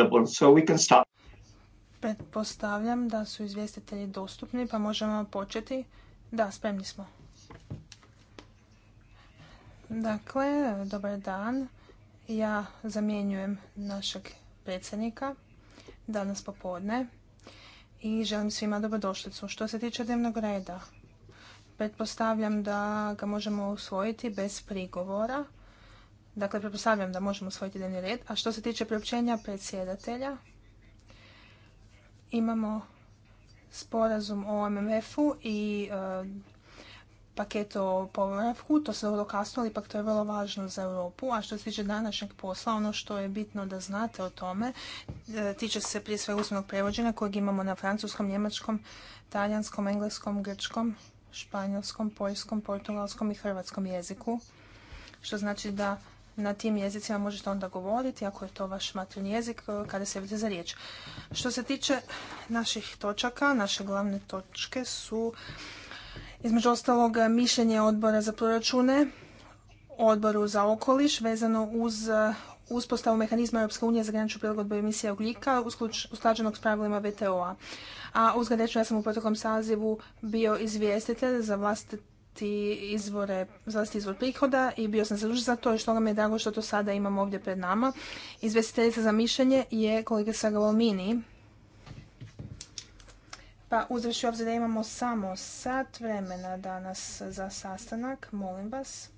available, Pretpostavljam da su izvjestitelji dostupni, pa možemo početi. Da, spremni smo. Dakle, dobar dan. Ja zamjenjujem našeg predsjednika danas popodne i želim svima dobrodošlicu. Što se tiče dnevnog reda, pretpostavljam da ga možemo usvojiti bez prigovora. Dakle, pretpostavljam da možemo usvojiti dnevni red. A što se tiče priopćenja predsjedatelja, imamo sporazum o MMF-u i paketu paket o povravku. To se vrlo kasno, ali ipak to je vrlo važno za Europu. A što se tiče današnjeg posla, ono što je bitno da znate o tome, e, tiče se prije sve usmenog prevođenja kojeg imamo na francuskom, njemačkom, talijanskom, engleskom, grčkom, španjolskom, poljskom, portugalskom i hrvatskom jeziku. Što znači da na tim jezicima možete onda govoriti ako je to vaš maternji jezik e, kada se vidite za riječ. Što se tiče naših točaka, naše glavne točke su između ostalog mišljenje odbora za proračune, odboru za okoliš vezano uz e, uspostavu mehanizma Europske unije za graničnu prilagodbu emisija ugljika usklađenog s pravilima VTO-a. A uzgledeću ja sam u protokom sazivu bio izvjestitelj za vlastit ti izvore, vlastiti izvor prihoda i bio sam zadužen za to i što nam je drago što to sada imamo ovdje pred nama. Izvestiteljica za mišljenje je kolega Sagalomini. Pa uzreši obzir da imamo samo sat vremena danas za sastanak, molim vas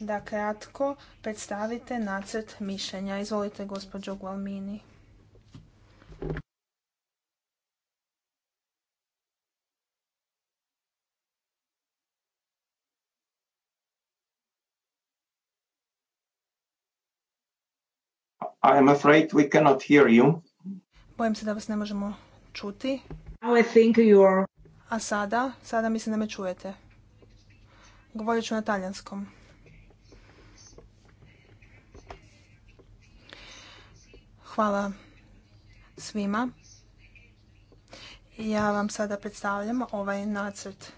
da kratko predstavite nacrt mišljenja. Izvolite gospođo Gualmini. afraid we cannot hear you. Bojim se da vas ne možemo čuti. I think you are... A sada? Sada mislim da me čujete. Govorit ću na talijanskom. Hvala svima. Ja vam sada predstavljam ovaj nacrt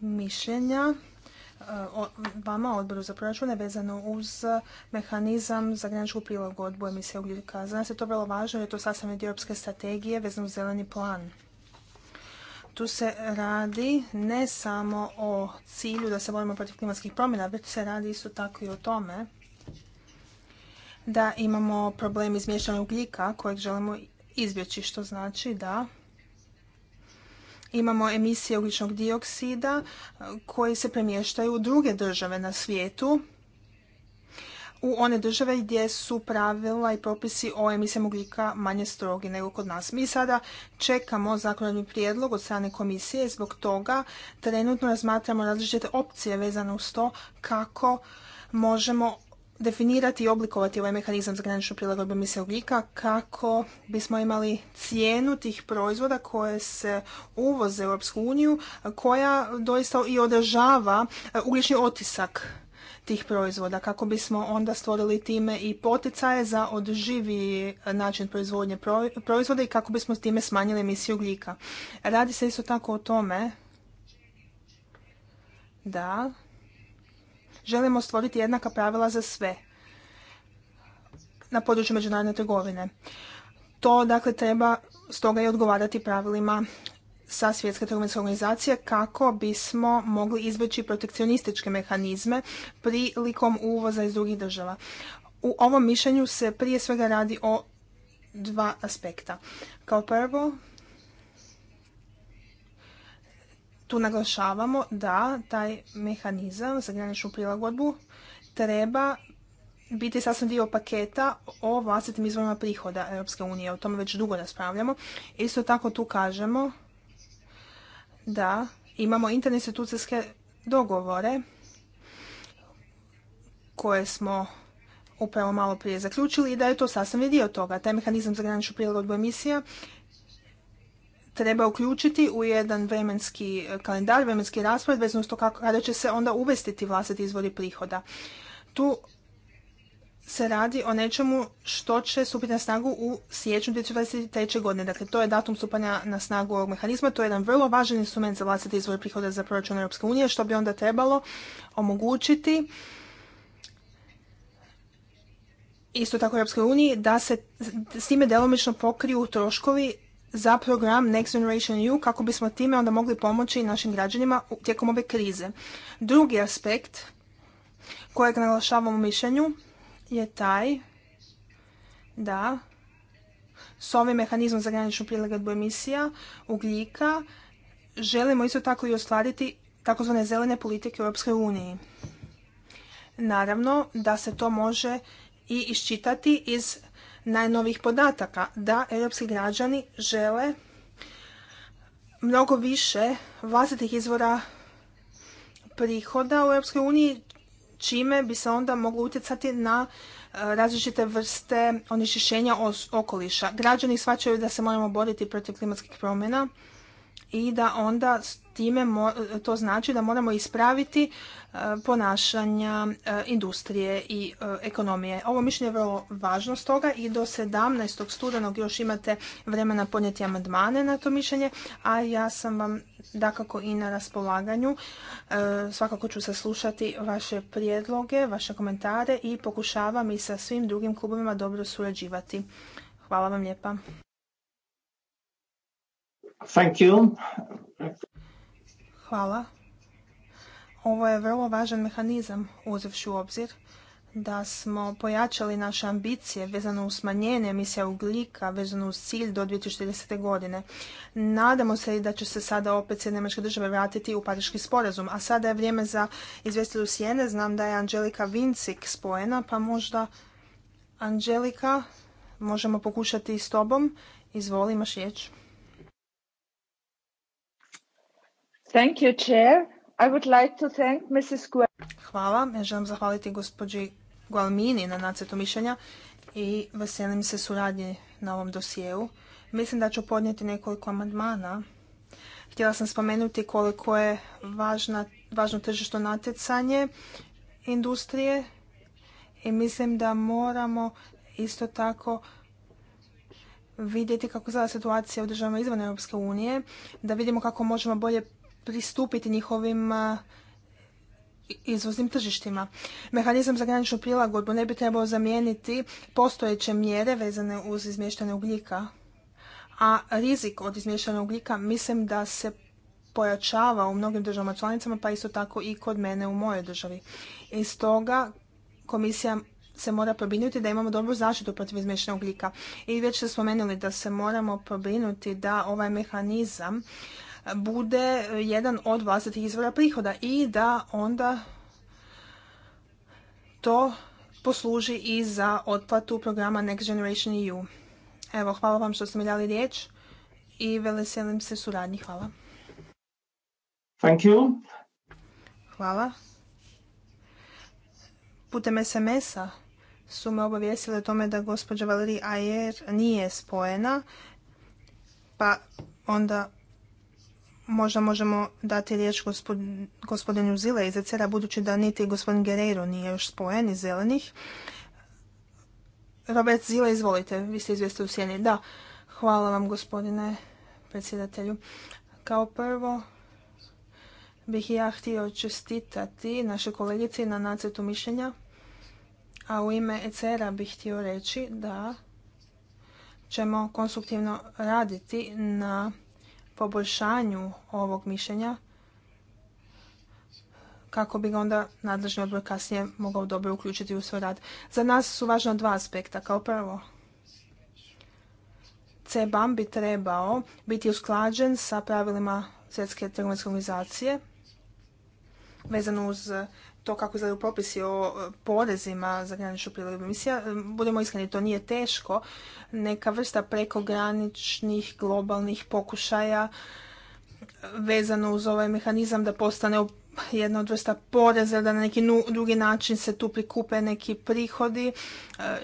mišljenja vama, odboru za proračune, vezano uz mehanizam za graničku prilagodbu emisije ugljika. Za nas je to vrlo važno jer je to sastavni dio europske strategije vezano uz zeleni plan. Tu se radi ne samo o cilju da se borimo protiv klimatskih promjena, već se radi isto tako i o tome da imamo problem izmješanja ugljika kojeg želimo izbjeći, što znači da imamo emisije ugljičnog dioksida e, koji se premještaju u druge države na svijetu, u one države gdje su pravila i propisi o emisijama ugljika manje strogi nego kod nas. Mi sada čekamo zakonodavni prijedlog od strane komisije i zbog toga trenutno razmatramo različite opcije vezane uz to kako možemo definirati i oblikovati ovaj mehanizam za graničnu prilagodbu emisije ugljika kako bismo imali cijenu tih proizvoda koje se uvoze u Europsku uniju koja doista i održava e, ugljični otisak tih proizvoda kako bismo onda stvorili time i poticaje za odživi način proizvodnje proizvoda i kako bismo time smanjili emisiju ugljika. Radi se isto tako o tome da želimo stvoriti jednaka pravila za sve na području međunarodne trgovine. To dakle treba stoga i odgovarati pravilima sa Svjetske trgovinske organizacije kako bismo mogli izbjeći protekcionističke mehanizme prilikom uvoza iz drugih država. U ovom mišljenju se prije svega radi o dva aspekta. Kao prvo, tu naglašavamo da taj mehanizam za graničnu prilagodbu treba biti sasvim dio paketa o vlastitim izvorima prihoda Europske unije. O tome već dugo raspravljamo. Isto tako tu kažemo da imamo interinstitucijske dogovore koje smo upravo malo prije zaključili i da je to sasvim dio toga. Taj mehanizam za graničnu prilagodbu emisija treba uključiti u jedan vremenski e, kalendar, vremenski raspored vezano s to kako, kada će se onda uvestiti ti vlastiti izvori prihoda. Tu se radi o nečemu što će stupiti na snagu u siječnju 2023. godine. Dakle, to je datum stupanja na snagu ovog mehanizma. To je jedan vrlo važan instrument za vlastiti izvore prihoda za proračun Europske unije, što bi onda trebalo omogućiti isto tako Europske uniji da se s time djelomično pokriju troškovi za program Next Generation EU kako bismo time onda mogli pomoći našim građanima tijekom ove krize. Drugi aspekt kojeg naglašavamo u mišljenju je taj da s ovim mehanizmom za graničnu prilagodbu emisija ugljika želimo isto tako i ostvariti takozvane zelene politike u Europskoj uniji. Naravno da se to može i iščitati iz najnovih podataka da europski građani žele mnogo više vlastitih izvora prihoda u Europskoj uniji, čime bi se onda moglo utjecati na e, različite vrste onečišćenja okoliša. Građani shvaćaju da se moramo boriti protiv klimatskih promjena i da onda s time to znači da moramo ispraviti e, ponašanja e, industrije i e, ekonomije. Ovo mišljenje je vrlo važno stoga i do 17. studenog još imate vremena podnijeti amandmane na to mišljenje, a ja sam vam dakako i na raspolaganju. Svakako ću saslušati vaše prijedloge, vaše komentare i pokušavam i sa svim drugim klubovima dobro surađivati. Hvala vam lijepa. Thank you. Hvala. Ovo je vrlo važan mehanizam, uzevši u obzir da smo pojačali naše ambicije vezano u smanjenje emisija ugljika, vezano uz cilj do 2040. godine. Nadamo se i da će se sada opet Nemačka države vratiti u Pariški sporazum, a sada je vrijeme za izvjestitelju Sjene. Znam da je Anđelika Vincik spojena, pa možda Anđelika možemo pokušati i s tobom. Izvoli, imaš riječ. Thank you, Hvala. Ja želim zahvaliti gospođi Gualmini na nacrtu mišljenja i veselim se suradnji na ovom dosjeu. Mislim da ću podnijeti nekoliko amandmana. Htjela sam spomenuti koliko je važno tržišno natjecanje industrije i mislim da moramo isto tako vidjeti kako zada situacija u državama izvan Europske unije, da vidimo kako možemo bolje pristupiti njihovim e, izvoznim tržištima. Mehanizam za graničnu prilagodbu ne bi trebao zamijeniti postojeće mjere vezane uz izmještane ugljika, a rizik od izmještanja ugljika mislim da se pojačava u mnogim državama članicama, pa isto tako i kod mene u mojoj državi. I stoga komisija se mora probinuti da imamo dobru zaštitu protiv izmještane ugljika. I već ste spomenuli da se moramo probinuti da ovaj mehanizam bude jedan od vlastitih izvora prihoda i da onda to posluži i za otplatu programa Next Generation EU. Evo, hvala vam što ste mi dali riječ i veselim se suradnji. Hvala. Thank you. Hvala. Putem SMS-a su me obavijestili o tome da gospođa Valerie Ayer nije spojena, pa onda Možda možemo dati riječ gospodinu Zile iz ECR-a, budući da niti gospodin Guerreiro nije još spojen iz zelenih. Robert Zile, izvolite, vi ste izvijesti u sjeni. Da, hvala vam gospodine predsjedatelju. Kao prvo bih ja htio čestitati naše kolegici na nacetu mišljenja, a u ime ECR-a bih htio reći da ćemo konstruktivno raditi na poboljšanju ovog mišljenja kako bi ga onda nadležni odbor kasnije mogao dobro uključiti u svoj rad. Za nas su važna dva aspekta. Kao prvo, CBAM bi trebao biti usklađen sa pravilima Svjetske trgovinske organizacije vezano uz e, to kako izgledaju propisi o e, porezima za graničnu prilogu emisija, e, budemo iskreni, to nije teško. Neka vrsta prekograničnih globalnih pokušaja vezano uz ovaj mehanizam da postane jedna od vrsta poreza, da na neki drugi način se tu prikupe neki prihodi,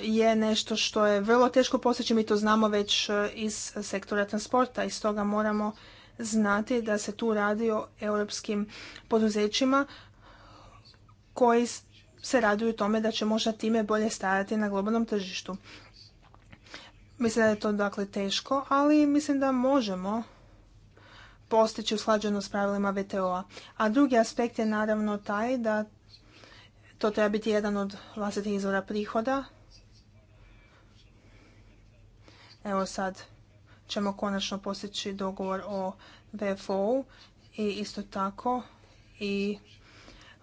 je nešto što je vrlo teško postići. Mi to znamo već iz sektora transporta i stoga moramo znati da se tu radi o europskim poduzećima koji se raduju tome da će možda time bolje stajati na globalnom tržištu. Mislim da je to dakle teško, ali mislim da možemo postići usklađeno s pravilima VTO-a. A drugi aspekt je naravno taj da to treba biti jedan od vlastitih izvora prihoda. Evo sad ćemo konačno postići dogovor o VFO-u i isto tako i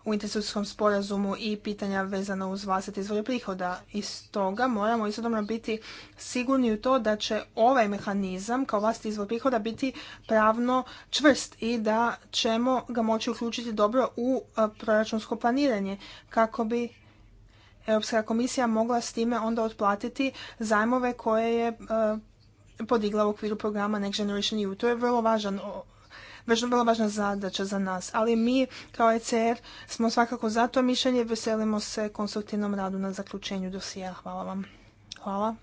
u institucijskom sporazumu i pitanja vezana uz vlastite izvore prihoda. I stoga moramo istodobno biti sigurni u to da će ovaj mehanizam kao vlastiti izvor prihoda biti pravno čvrst i da ćemo ga moći uključiti dobro u e, proračunsko planiranje kako bi Europska komisija mogla s time onda otplatiti zajmove koje je e, podigla u okviru programa Next Generation EU. To je vrlo važan vrlo važna zadaća za nas, ali mi kao ECR smo svakako za to mišljenje i veselimo se konstruktivnom radu na zaključenju dosija. Hvala vam. Hvala.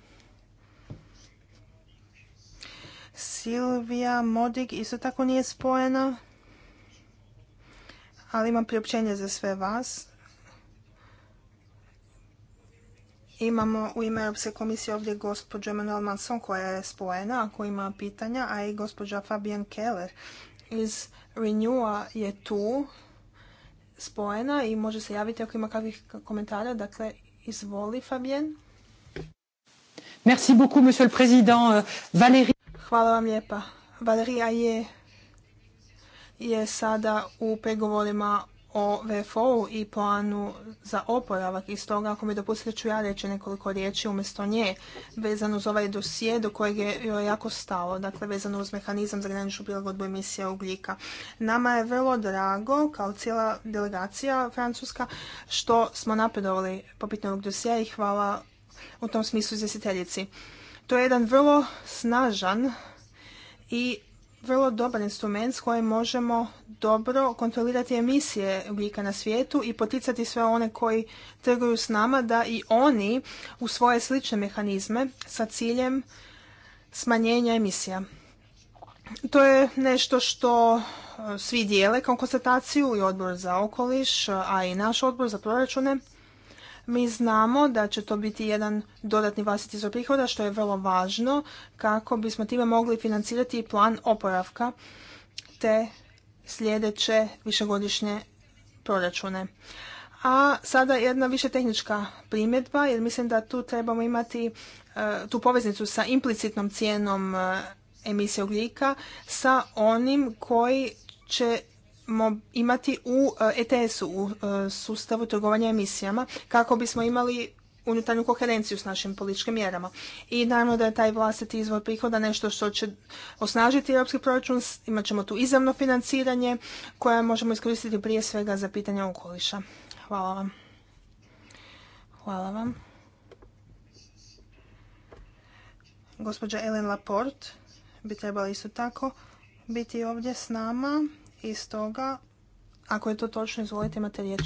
Silvija Modig isto tako nije spojena, ali imam priopćenje za sve vas. Imamo u ime Europske komisije ovdje gospođu Manuel Manson koja je spojena ako ima pitanja, a i gospođa Fabian Keller iz Renewa je tu spojena i može se javiti ako ima kakvih komentara. Dakle, izvoli Fabian. Merci beaucoup, euh, Hvala vam lijepa. Valerija je, je sada u pregovorima o VFO-u i planu za oporavak. I stoga, ako mi dopustite, ću ja reći nekoliko riječi umjesto nje vezano uz ovaj dosije do kojeg je joj jako stalo, dakle vezano uz mehanizam za graničnu prilagodbu emisija ugljika. Nama je vrlo drago, kao cijela delegacija francuska, što smo napredovali po pitanju ovog dosija i hvala u tom smislu izvjestiteljici. To je jedan vrlo snažan i vrlo dobar instrument s kojim možemo dobro kontrolirati emisije ugljika na svijetu i poticati sve one koji trguju s nama da i oni u svoje slične mehanizme sa ciljem smanjenja emisija. To je nešto što e, svi dijele kao konstataciju i odbor za okoliš, a i naš odbor za proračune. Mi znamo da će to biti jedan dodatni vlastiti izvor prihoda što je vrlo važno kako bismo time mogli financirati plan oporavka te sljedeće višegodišnje proračune. A sada jedna više tehnička primjedba jer mislim da tu trebamo imati e, tu poveznicu sa implicitnom cijenom e, emisije ugljika sa onim koji će imati u ETS-u, e u e, sustavu trgovanja emisijama, kako bismo imali unutarnju koherenciju s našim političkim mjerama. I naravno da je taj vlastiti izvor prihoda nešto što će osnažiti europski proračun, imat ćemo tu izravno financiranje koje možemo iskoristiti prije svega za pitanje okoliša. Hvala vam. Hvala vam. Gospođa Ellen Laporte bi trebala isto tako biti ovdje s nama. I stoga, ako je to točno, izvolite, imate riječ.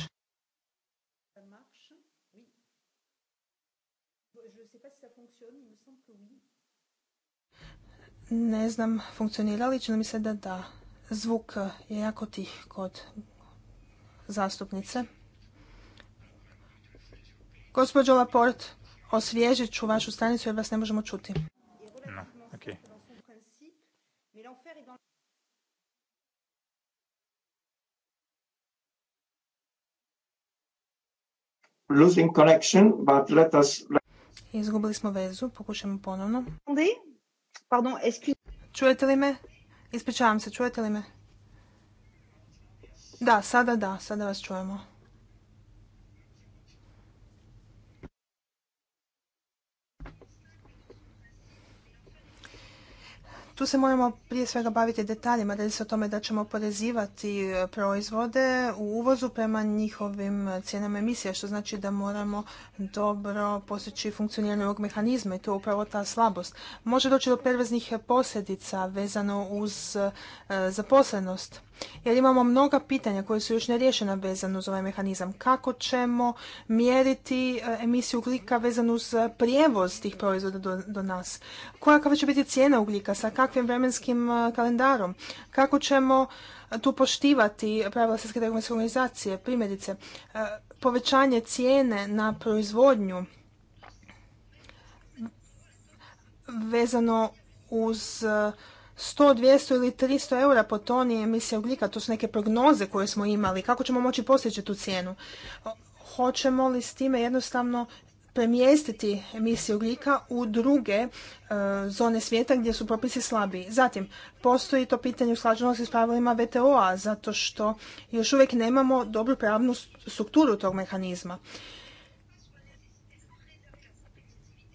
Ne znam, funkcionira li, čini mi se da da. Zvuk je jako tih kod zastupnice. Gospođo Laport, osvježit ću vašu stanicu jer vas ne možemo čuti. losing connection, but let us... Izgubili smo vezu, pokušajmo ponovno. Pardon, Čujete li me? Ispričavam se, čujete li me? Da, sada da, sada vas čujemo. Tu se moramo prije svega baviti detaljima, radi se o tome da ćemo porezivati e, proizvode u uvozu prema njihovim cijenama emisija, što znači da moramo dobro posjeći funkcioniranje ovog mehanizma i to je upravo ta slabost. Može doći do perveznih posljedica vezano uz e, zaposlenost. Jer imamo mnoga pitanja koje su još nerješena vezano uz ovaj mehanizam. Kako ćemo mjeriti e, emisiju ugljika vezano uz prijevoz tih proizvoda do, nas? Koja će biti cijena ugljika? Sa kakvim ovakvim vremenskim e, kalendarom? Kako ćemo e, tu poštivati pravila Svjetske trgovinske organizacije? Primjerice, e, povećanje cijene na proizvodnju vezano uz 100, 200 ili 300 eura po toni emisije ugljika. To su neke prognoze koje smo imali. Kako ćemo moći postići tu cijenu? Hoćemo li s time jednostavno premjestiti emisije ugljika u druge e, zone svijeta gdje su propisi slabiji. Zatim, postoji to pitanje usklađenosti s pravilima VTO-a, zato što još uvijek nemamo dobru pravnu strukturu tog mehanizma.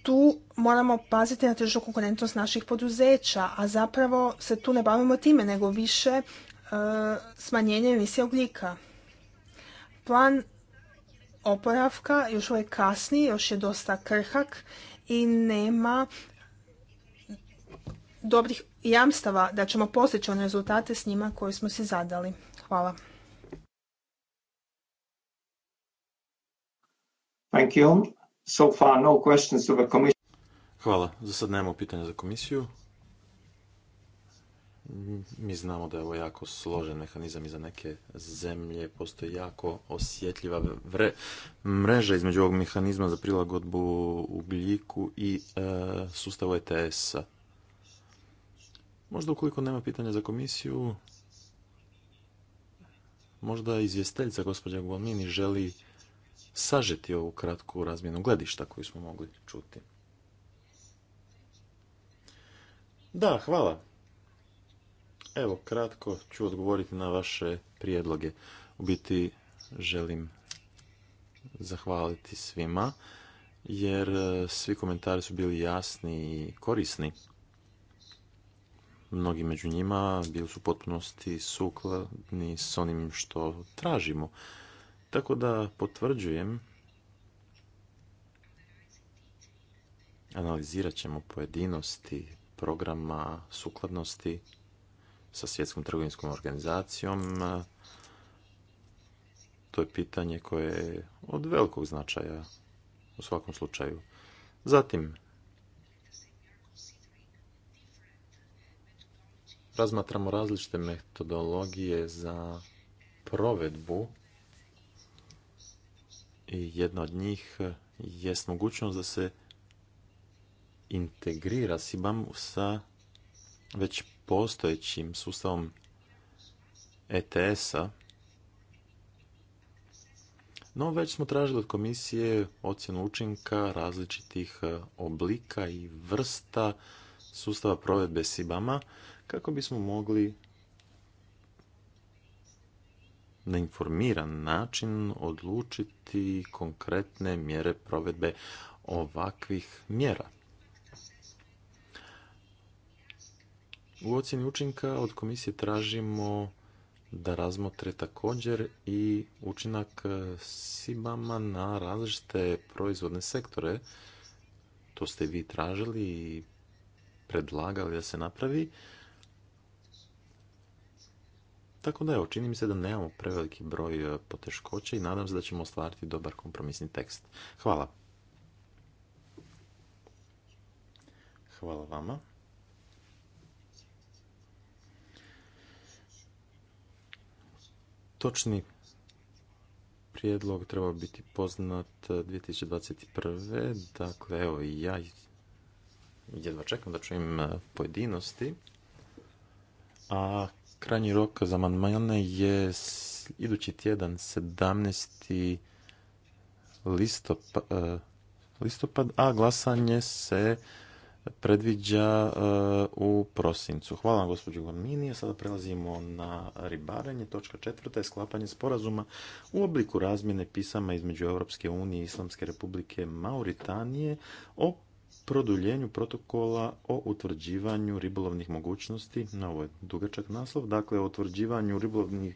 Tu moramo paziti na tržišnu konkurentnost naših poduzeća, a zapravo se tu ne bavimo time, nego više smanjenjem smanjenje emisije ugljika. Plan oporavka još uvijek kasni, još je dosta krhak i nema dobrih jamstava da ćemo postići one rezultate s njima koje smo si zadali. Hvala. Thank you. Hvala. Za sad nemamo pitanja za komisiju. Mi znamo da je ovo jako složen mehanizam i za neke zemlje postoji jako osjetljiva mreža između ovog mehanizma za prilagodbu ugljiku i e, sustavu ETS-a. Možda ukoliko nema pitanja za komisiju, možda izvjesteljica gospođa Gualmini želi sažeti ovu kratku razmjenu gledišta koju smo mogli čuti. Da, hvala. Evo, kratko ću odgovoriti na vaše prijedloge. U biti želim zahvaliti svima, jer e, svi komentari su bili jasni i korisni. Mnogi među njima bili su potpunosti sukladni s onim što tražimo. Tako da potvrđujem, analizirat ćemo pojedinosti programa sukladnosti sa svjetskom trgovinskom organizacijom. To je pitanje koje je od velikog značaja u svakom slučaju. Zatim, razmatramo različite metodologije za provedbu i jedna od njih jest mogućnost da se integrira SIBAM sa već postojećim sustavom ETS-a, no već smo tražili od komisije ocjenu učinka različitih e, oblika i vrsta sustava provedbe SIBAMA kako bismo mogli na informiran način odlučiti konkretne mjere provedbe ovakvih mjera. U ocjeni učinka od komisije tražimo da razmotre također i učinak e, Sibama na različite proizvodne sektore. To ste vi tražili i predlagali da se napravi. Tako da evo, čini mi se da nemamo preveliki broj e, poteškoća i nadam se da ćemo ostvariti dobar kompromisni tekst. Hvala. Hvala vama. točni prijedlog trebao biti poznat 2021. Eh, dakle, evo i ja jedva čekam da čujem eh, pojedinosti. A krajnji rok za amandmane je idući tjedan 17. Eh, listopad a glasanje se predviđa eh, u prosincu. Hvala vam gospođo gormini Sada prelazimo na ribarenje. Točka četvrta je sklapanje sporazuma u obliku razmjene pisama između Europske unije i Islamske republike Mauritanije o produljenju protokola o utvrđivanju ribolovnih mogućnosti na ovo je dugačak naslov, dakle o utvrđivanju ribolovnih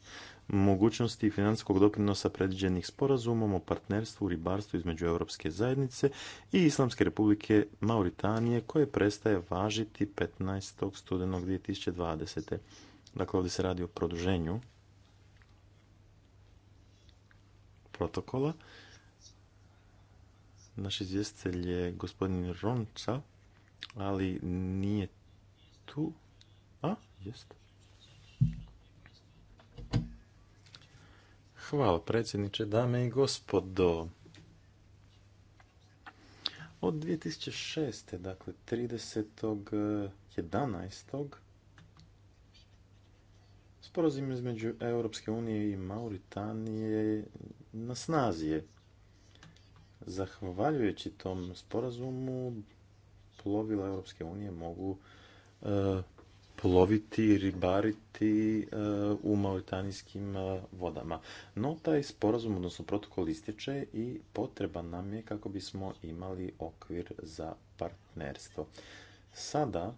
mogućnosti financijskog doprinosa predviđenih sporazumom o partnerstvu u ribarstvu između Europske zajednice i Islamske republike Mauritanije koje prestaje važiti 15. studenog 2020. Dakle, ovdje se radi o produženju protokola. Naš izvjestitelj je gospodin Ronca, ali nije tu. A, jeste. Hvala predsjedniče, dame i gospodo. Od 2006. dakle 30.11. Eh, sporazum između Europske unije i Mauritanije na snazi je. Zahvaljujući tom sporazumu plovila Europske unije mogu eh, ploviti, ribariti e, u mauritanijskim e, vodama. No, taj sporazum, odnosno protokol ističe i potreban nam je kako bismo imali okvir za partnerstvo. Sada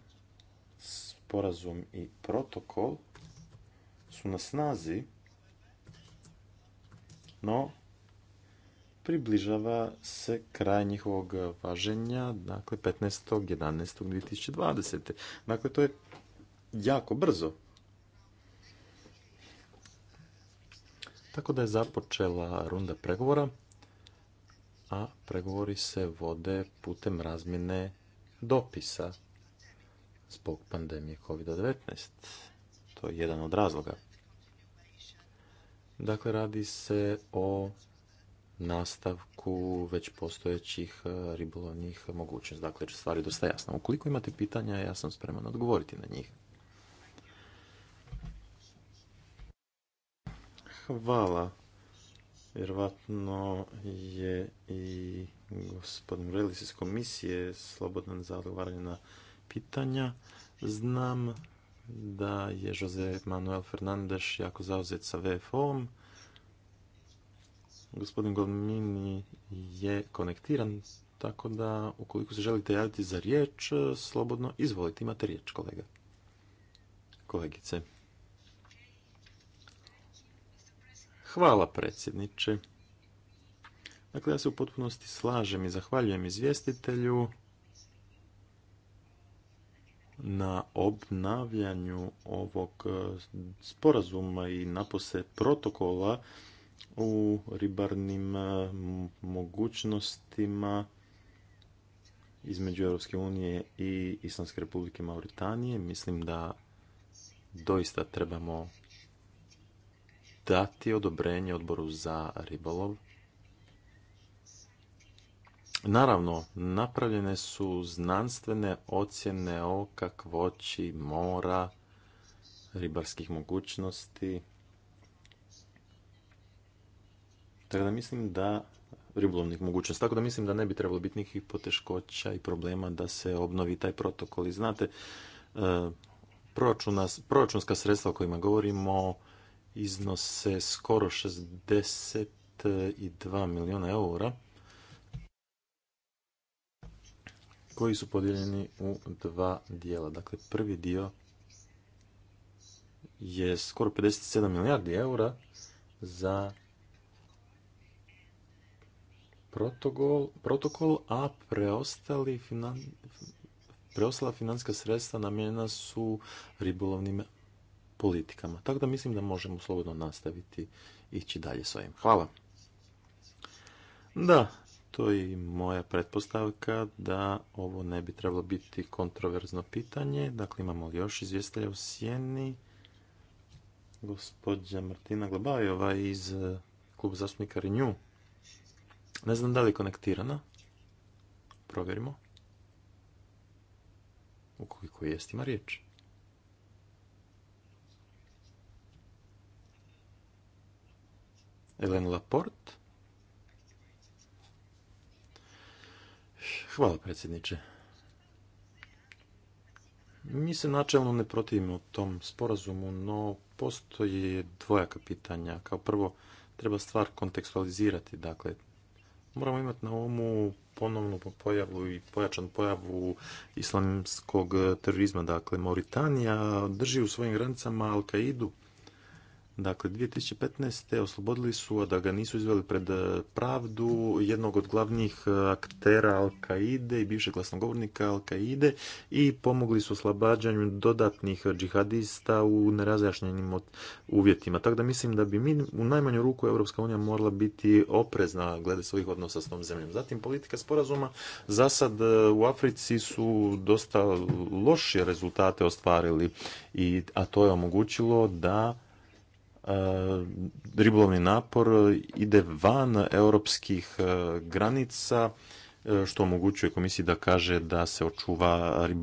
sporazum i protokol su na snazi, no približava se kraj njihovog važenja, dakle 15.11.2020. Dakle, to je jako brzo. Tako da je započela runda pregovora, a pregovori se vode putem razmjene dopisa zbog pandemije COVID-19. To je jedan od razloga. Dakle, radi se o nastavku već postojećih e, ribolovnih mogućnosti. Dakle, stvari dosta jasno. Ukoliko imate pitanja, ja sam spreman odgovoriti na njih. hvala. Vjerovatno je i gospodin Vrelis iz komisije slobodan za odgovaranje na pitanja. Znam da je Jose Manuel Fernandez jako zauzet sa VFO-om. Gospodin Gomini je konektiran, tako da ukoliko se želite javiti za riječ, slobodno izvolite, imate riječ kolega. Kolegice. Hvala predsjedniče. Dakle, ja se u potpunosti slažem i zahvaljujem izvjestitelju na obnavljanju ovog e, sporazuma i napose protokola u ribarnim e, mogućnostima između Europske unije i Islamske republike Mauritanije. Mislim da doista trebamo dati odobrenje odboru za ribolov. Naravno, napravljene su znanstvene ocjene o kakvoći mora, ribarskih mogućnosti. Tako da mislim da ribolovnih mogućnosti. Tako da mislim da ne bi trebalo biti nikakvih poteškoća i problema da se obnovi taj protokol. I znate, e, proračunska sredstva o kojima govorimo iznose skoro 62 milijuna eura koji su podijeljeni u dva dijela. Dakle, prvi dio je skoro 57 milijardi eura za protokol, a preostala financijska sredstva namijenjena su ribolovnim politikama. Tako da mislim da možemo slobodno nastaviti ići dalje s ovim. Hvala. Da, to je i moja pretpostavka da ovo ne bi trebalo biti kontroverzno pitanje. Dakle, imamo li još izvjestelja u sjeni? Gospodja Martina Glabajova iz eh, kluba zastupnika Renew. Ne znam da li je konektirana. Provjerimo. Ukoliko jest, ima riječ. Laport. Hvala predsjedniče. Mi se načelno ne protivimo tom sporazumu, no postoji dvojaka pitanja. Kao prvo, treba stvar kontekstualizirati. Dakle, moramo imati na umu ponovnu pojavu i pojačanu pojavu islamskog terorizma. Dakle, Mauritanija drži u svojim granicama al Dakle, 2015. oslobodili su, a da ga nisu izveli pred e, pravdu, jednog od glavnih e, aktera al qaide i bivšeg glasnogovornika al qaide i pomogli su oslobađanju dodatnih džihadista u nerazjašnjenim uvjetima. Tako da mislim da bi mi u najmanju ruku Europska unija morala biti oprezna glede svojih odnosa s tom zemljom. Zatim, politika sporazuma za sad e, u Africi su dosta lošije rezultate ostvarili, i, a to je omogućilo da E, ribolovni napor ide van europskih e, granica E, što omogućuje komisiji da kaže da se očuva e,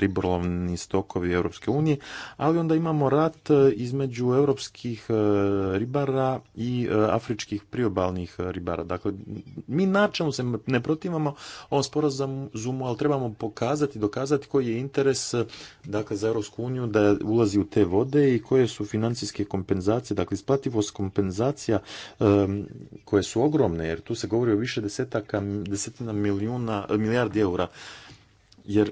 ribolovni stokovi Europske unije, ali onda imamo rat e, između europskih ribara i afričkih priobalnih ribara. Dakle, mi načelno se ne protivamo ovom sporazumu, ali trebamo pokazati, dokazati koji je interes dakle, za Europsku uniju da ulazi u te vode i koje su financijske kompenzacije, dakle isplativost kompenzacija koje su ogromne, jer tu se govori o više desetaka, desetina milijardi eura. Jer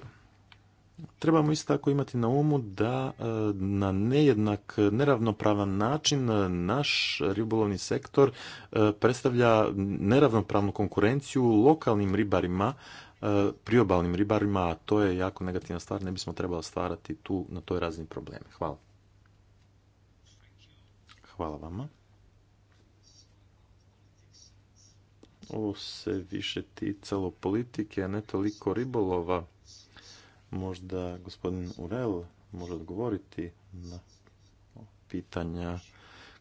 trebamo isto tako imati na umu da e, na nejednak, neravnopravan način e, naš ribolovni sektor e, predstavlja neravnopravnu konkurenciju lokalnim ribarima, priobalnim ribarima, a to je jako negativna stvar, ne bismo trebali stvarati tu na toj razini probleme. Hvala. Hvala vama. ovo se više ticalo politike, a ne toliko ribolova. Možda gospodin Urel može odgovoriti na pitanja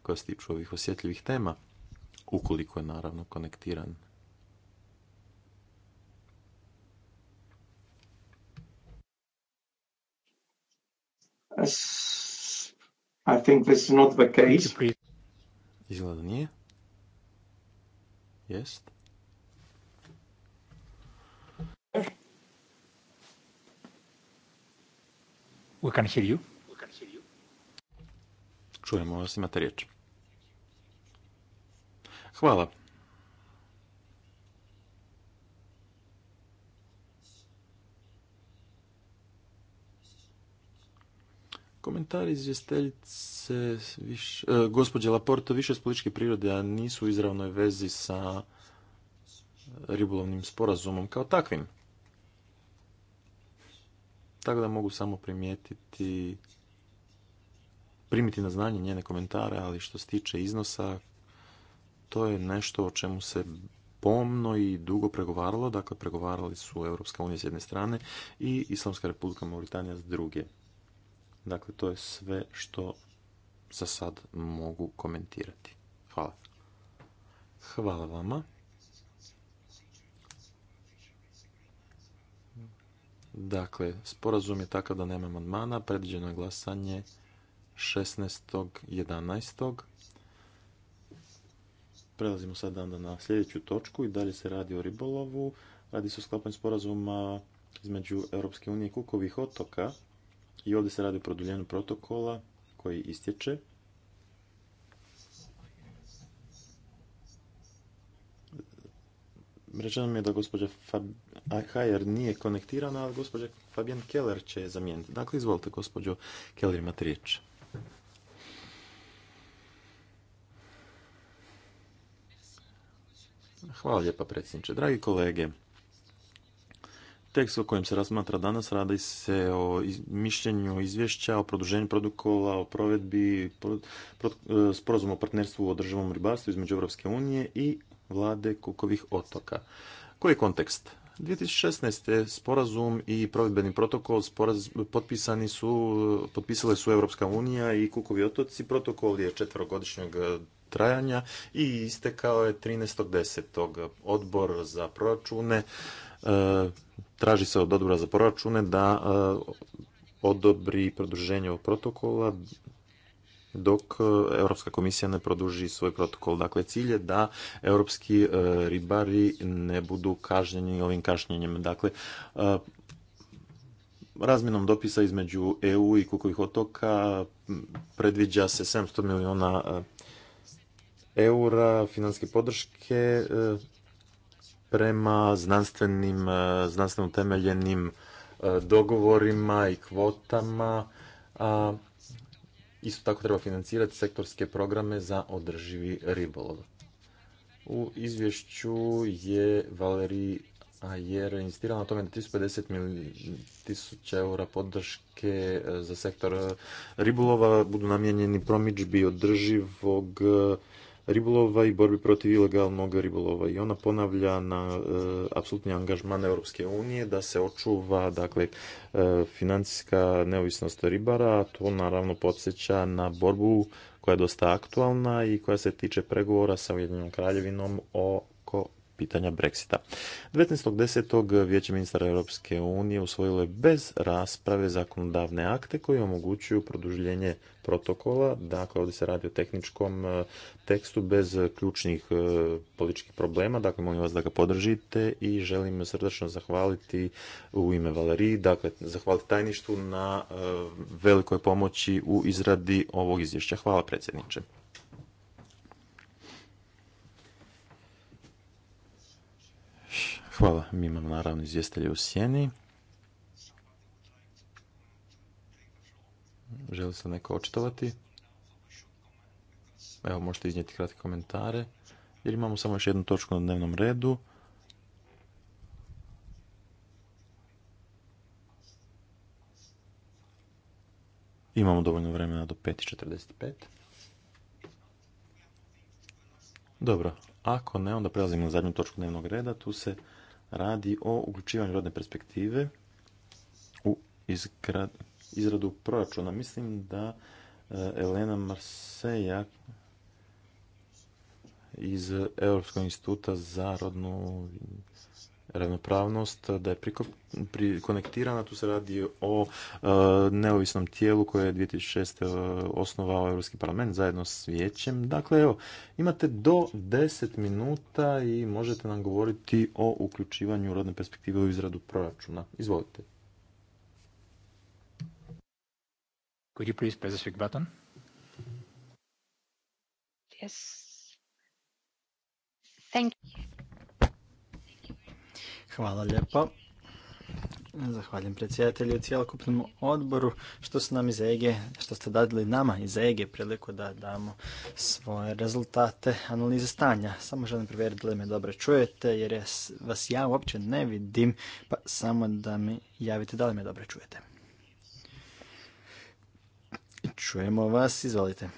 koja se tiču ovih osjetljivih tema, ukoliko je naravno konektiran. I think this is nije. Jest. Eh. We can hear you. Čujemo vas, imate riječ. Hvala. Komentari izvjesteljice više, eh, gospođe Laporto više s političke prirode, a nisu u izravnoj vezi sa eh, ribolovnim sporazumom kao takvim. Tako da mogu samo primijetiti, primiti na znanje njene komentare, ali što se tiče iznosa, to je nešto o čemu se pomno i dugo pregovaralo. Dakle, pregovarali su Europska unija s jedne strane i Islamska republika Mauritanija s druge. Dakle, to je sve što za sad mogu komentirati. Hvala. Hvala vama. Dakle, sporazum je takav da nema amandmana, predviđeno je glasanje 16.11. Prelazimo sad onda na sljedeću točku i dalje se radi o ribolovu. Radi se o sklapanju sporazuma između Europske unije i Kukovih otoka i ovdje se radi o produljenju protokola koji istječe. Rečeno mi je da gospođa Hajer nije konektirana, ali gospođa Fabijan Keller će je zamijeniti. Dakle, izvolite gospođo Keller, imati riječ. Hvala lijepa predsjedniče. Dragi kolege, tekst o kojem se razmatra danas radi se o mišljenju izvješća o produženju protokola o provedbi e, sporazuma o partnerstvu u održivom ribarstvu između Europske unije i vlade Kukovih otoka. Koji je kontekst? 2016. sporazum i provedbeni protokol sporaz, su, potpisale su Europska unija i Kukovi otoci. Protokol je četvrogodišnjeg trajanja i istekao je 13.10. Odbor za proračune e, traži se od odbora za proračune da e, odobri produženje ovog protokola dok e, Europska komisija ne produži svoj protokol. Dakle, cilj je da europski e, ribari ne budu kažnjeni ovim kašnjenjem. Dakle, e, razmjenom dopisa između EU i Kukovih otoka predviđa se 700 milijuna eura finanske podrške prema znanstvenim, znanstveno temeljenim dogovorima i kvotama. A isto tako treba financirati sektorske programe za održivi ribolov. U izvješću je Valeri Ajer insistirala na tome da 350 tisuća eura podrške e, za sektor ribolova budu namijenjeni promidžbi održivog ribolova i borbi protiv ilegalnog ribolova i ona ponavlja na e, apsolutni angažman Europske unije da se očuva dakle e, financijska neovisnost ribara, to naravno podsjeća na borbu koja je dosta aktualna i koja se tiče pregovora sa Ujedinjenom kraljevinom oko pitanja Brexita. 19.10. Vijeće ministara Europske unije usvojilo je bez rasprave zakonodavne akte koji omogućuju produžljenje protokola. Dakle, ovdje se radi o tehničkom e, tekstu bez ključnih e, političkih problema. Dakle, molim vas da ga podržite i želim srdačno zahvaliti u ime Valeriji, dakle, zahvaliti tajništvu na e, velikoj pomoći u izradi ovog izvješća. Hvala predsjedniče. Hvala. Mi imamo naravno izvjestelje u sjeni. Želi se neko očitovati? Evo, možete iznijeti kratke komentare. Jer imamo samo još jednu točku na dnevnom redu. Imamo dovoljno vremena do 5.45. Dobro, ako ne, onda prelazimo na zadnju točku dnevnog reda. Tu se radi o uključivanju rodne perspektive u izradu proračuna. Mislim da eh, Elena Marseja iz Europskog instituta za rodnu ravnopravnost, da je konektirana. Tu se radi o e, neovisnom tijelu koje je 2006. E, osnovao Europski parlament zajedno s vijećem. Dakle, evo, imate do 10 minuta i možete nam govoriti o uključivanju rodne perspektive u izradu proračuna. Izvolite. Could you please press the button? Yes. Thank you. Hvala lijepo. Zahvaljujem predsjedatelju i cijelokupnom odboru što su nam iz EG, što ste dadili nama iz EGE priliku da damo svoje rezultate analize stanja. Samo želim provjeriti da li me dobro čujete jer vas ja uopće ne vidim pa samo da mi javite da li me dobro čujete. Čujemo vas, izvolite.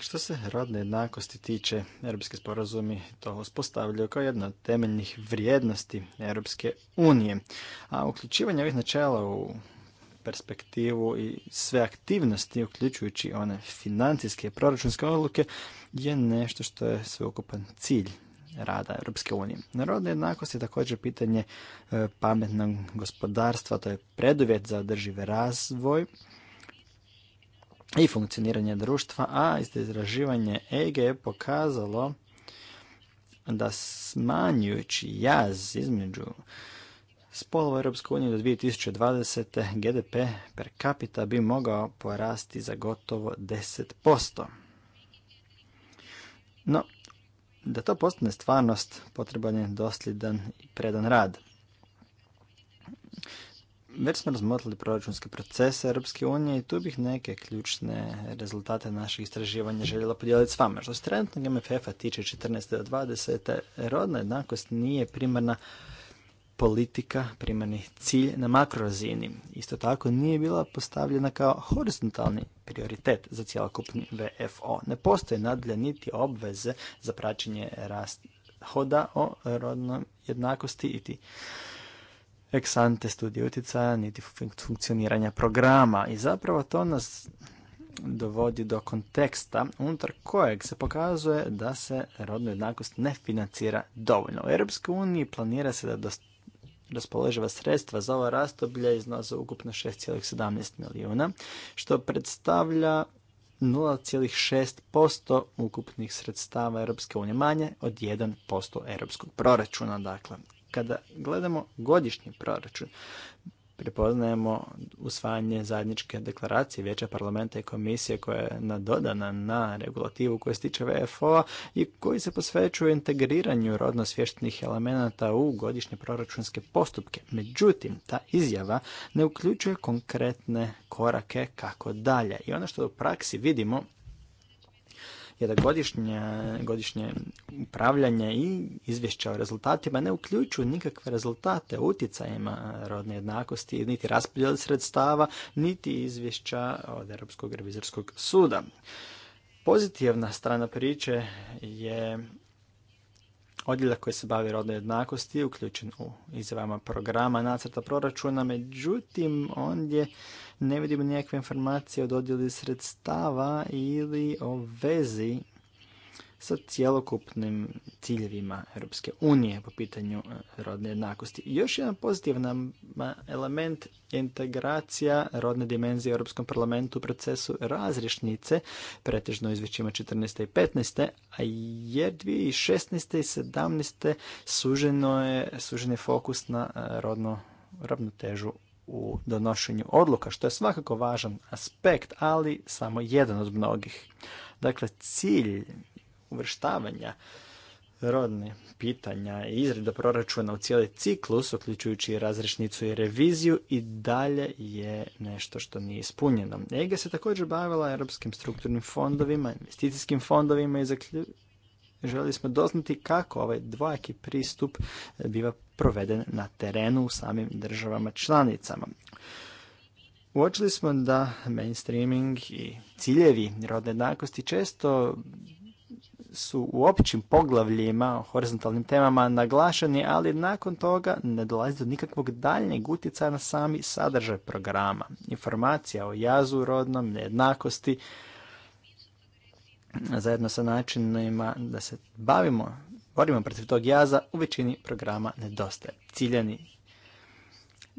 Što se rodne jednakosti tiče, europski sporazumi to uspostavljaju kao jedna od temeljnih vrijednosti Europske unije. A uključivanje ovih načela u perspektivu i sve aktivnosti, uključujući one financijske i proračunske odluke, je nešto što je sveukupan cilj rada Europske unije. Narodna jednakost je također pitanje e, pametnog gospodarstva, to je preduvjet za održivi razvoj, i funkcioniranje društva, a izraživanje EG je pokazalo da smanjujući jaz između spolova u EU do 2020. GDP per capita bi mogao porasti za gotovo 10%. No, da to postane stvarnost, potreban je dosljedan i predan rad. Već smo razmotrili proračunske procese Europske unije i tu bih neke ključne rezultate naših istraživanja željela podijeliti s vama. Što se trenutnog MFF-a tiče 14. do 20. rodna jednakost nije primarna politika, primarni cilj na makrorazini. Isto tako nije bila postavljena kao horizontalni prioritet za cjelokupni VFO. Ne postoje nadalje niti obveze za praćenje rasta hoda o rodnoj jednakosti i ti eksante studije utjecaja, niti funkcioniranja programa. I zapravo to nas dovodi do konteksta unutar kojeg se pokazuje da se rodna jednakost ne financira dovoljno. U uniji planira se da raspoloživa sredstva za ovo rastoblje iznose ukupno 6,17 milijuna, što predstavlja 0,6% ukupnih sredstava Europske unije manje od 1% europskog proračuna. Dakle, kada gledamo godišnji proračun, prepoznajemo usvajanje zajedničke deklaracije Vijeća parlamenta i komisije koja je nadodana na regulativu koja se tiče VFO-a i koji se posvećuje integriranju rodno svještnih elemenata u godišnje proračunske postupke. Međutim, ta izjava ne uključuje konkretne korake kako dalje. I ono što u praksi vidimo jer godišnje, godišnje upravljanje i izvješća o rezultatima ne uključuju nikakve rezultate utjecajima rodne jednakosti, niti raspodjele sredstava, niti izvješća od Europskog revizorskog suda. Pozitivna strana priče je Odjeljak koji se bavi rodne jednakosti je uključen u izvama programa nacrta proračuna, međutim ondje ne vidimo nikakve informacije o dodjeli sredstava ili o vezi sa cjelokupnim ciljevima Europske unije po pitanju e, rodne jednakosti. još jedan pozitivan element integracija rodne dimenzije u Europskom parlamentu u procesu razrješnice, pretežno izvješćima 14. i 15. a jer 2016. i 17. suženo je, sužen fokus na e, rodnu ravnotežu u donošenju odluka, što je svakako važan aspekt, ali samo jedan od mnogih. Dakle, cilj uvrštavanja rodne pitanja i izreda proračuna u cijeli ciklus, uključujući razrešnicu i reviziju, i dalje je nešto što nije ispunjeno. EGE se također bavila europskim strukturnim fondovima, investicijskim fondovima i željeli smo doznati kako ovaj dvojaki pristup e, biva proveden na terenu u samim državama članicama. Uočili smo da mainstreaming i ciljevi rodne jednakosti često su u općim poglavljima, horizontalnim temama naglašeni, ali nakon toga ne dolazi do nikakvog daljnjeg utjecaja na sami sadržaj programa. Informacija o jazu rodnom, nejednakosti, zajedno sa načinima da se bavimo, borimo protiv tog jaza, u većini programa nedostaje. Ciljani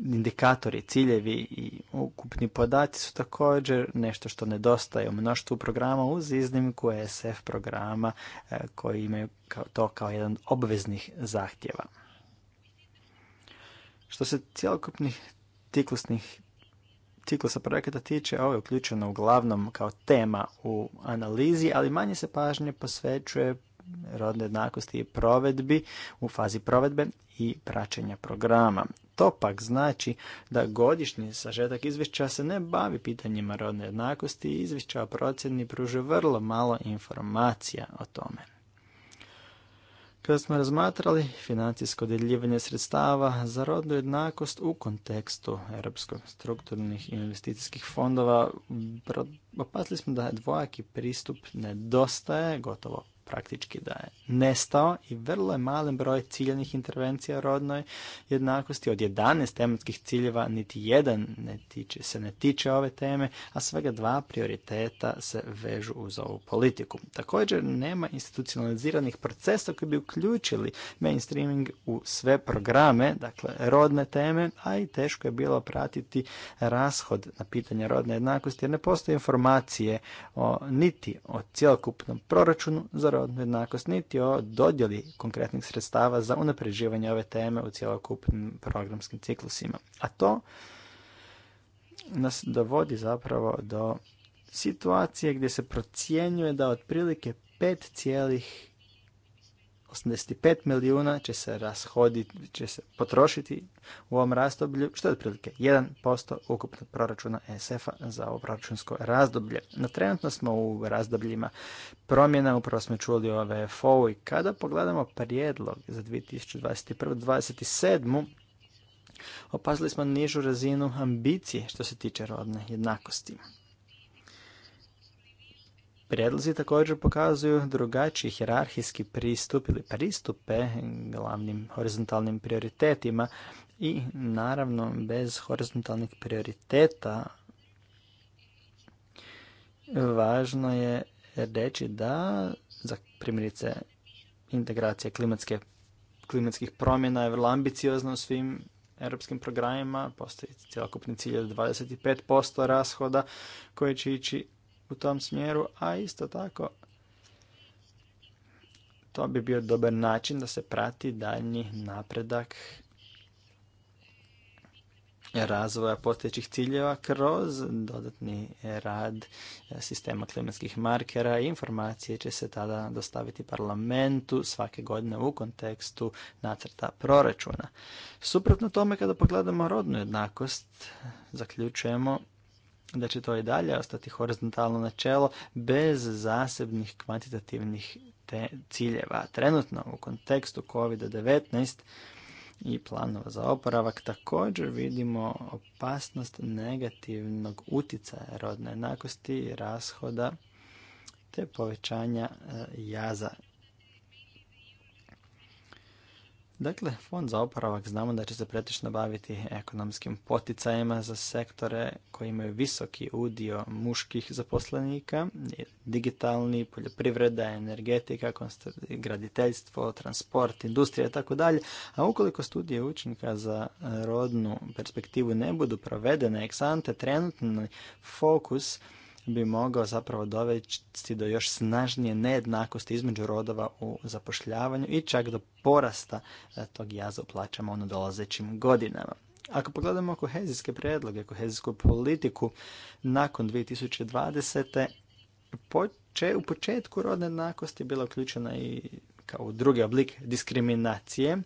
indikatori, ciljevi i ukupni podaci su također nešto što nedostaje u mnoštvu programa uz iznimku e SF programa e, koji imaju to kao jedan od obveznih zahtjeva. Što se cjelokupnih ciklusnih ciklusa projekata tiče, ovo je uključeno uglavnom kao tema u analizi, ali manje se pažnje posvećuje rodne jednakosti i provedbi u fazi provedbe i praćenja programa. To pak znači da godišnji sažetak izvješća se ne bavi pitanjima rodne jednakosti i izvješća o procjeni pruže vrlo malo informacija o tome. Kada smo razmatrali financijsko dodjeljivanje sredstava za rodnu jednakost u kontekstu europskog strukturnih i investicijskih fondova, opatili smo da dvojaki pristup nedostaje, gotovo praktički da je nestao i vrlo je mali broj ciljenih intervencija rodnoj jednakosti. Od 11 tematskih ciljeva niti jedan ne tiče, se ne tiče ove teme, a svega dva prioriteta se vežu uz ovu politiku. Također nema institucionaliziranih procesa koji bi uključili mainstreaming u sve programe, dakle rodne teme, a i teško je bilo pratiti rashod na pitanje rodne jednakosti jer ne postoje informacije o, niti o cjelokupnom proračunu za rodnu jednakost, niti o dodjeli konkretnih sredstava za unapređivanje ove teme u cjelokupnim programskim ciklusima. A to nas dovodi zapravo do situacije gdje se procjenjuje da otprilike 5, 85 milijuna će se rashoditi, će se potrošiti u ovom razdoblju, što je otprilike 1% ukupnog proračuna e SF-a za ovo proračunsko razdoblje. Na trenutno smo u razdobljima promjena, upravo smo čuli o VFO-u i kada pogledamo prijedlog za 2021. 27. Opazili smo nižu razinu ambicije što se tiče rodne jednakosti. Prijedlozi također pokazuju drugačiji hjerarhijski pristup ili pristupe glavnim horizontalnim prioritetima i naravno bez horizontalnih prioriteta važno je reći da za primjerice integracija klimatske, klimatskih promjena je vrlo ambiciozna u svim europskim programima, postoji cjelokupni cilj od 25% rashoda koji će ići u tom smjeru, a isto tako to bi bio dobar način da se prati daljnji napredak razvoja postojećih ciljeva kroz dodatni rad sistema klimatskih markera i informacije će se tada dostaviti parlamentu svake godine u kontekstu nacrta proračuna. Suprotno tome kada pogledamo rodnu jednakost zaključujemo da će to i dalje ostati horizontalno načelo bez zasebnih kvantitativnih ciljeva. Trenutno u kontekstu COVID-19 i planova za oporavak također vidimo opasnost negativnog utjecaja rodne jednakosti i rashoda te povećanja e, jaza Dakle, fond za oporavak znamo da će se pretično baviti ekonomskim poticajima za sektore koji imaju visoki udio muških zaposlenika, digitalni, poljoprivreda, energetika, graditeljstvo, transport, industrija i tako dalje. A ukoliko studije učinka za rodnu perspektivu ne budu provedene eksante trenutni fokus bi mogao zapravo dovesti do još snažnije nejednakosti između rodova u zapošljavanju i čak do porasta e, tog jaza u plaćama ono dolazećim godinama. Ako pogledamo kohezijske predloge, kohezijsku politiku nakon 2020. Poče, u početku rodne jednakosti je bila uključena i kao drugi oblik diskriminacije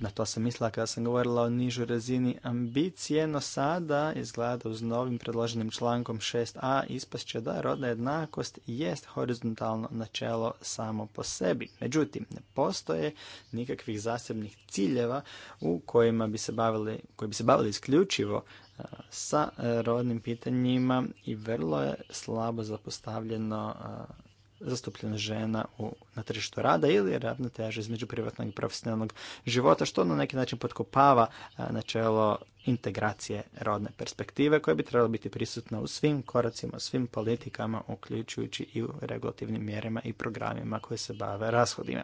na to sam mislila kada sam govorila o nižoj razini ambicije, no sada izgleda uz novim predloženim člankom 6a ispast će da rodna jednakost jest horizontalno načelo samo po sebi. Međutim, ne postoje nikakvih zasebnih ciljeva u kojima bi se bavili, koji bi se bavili isključivo e, sa e, rodnim pitanjima i vrlo je slabo zapostavljeno e, zastupljena žena u, na tržištu rada ili ravnoteža između privatnog i profesionalnog života, što na neki način potkopava načelo integracije rodne perspektive koja bi trebala biti prisutna u svim koracima, u svim politikama, uključujući i u regulativnim mjerama i programima koje se bave rashodima.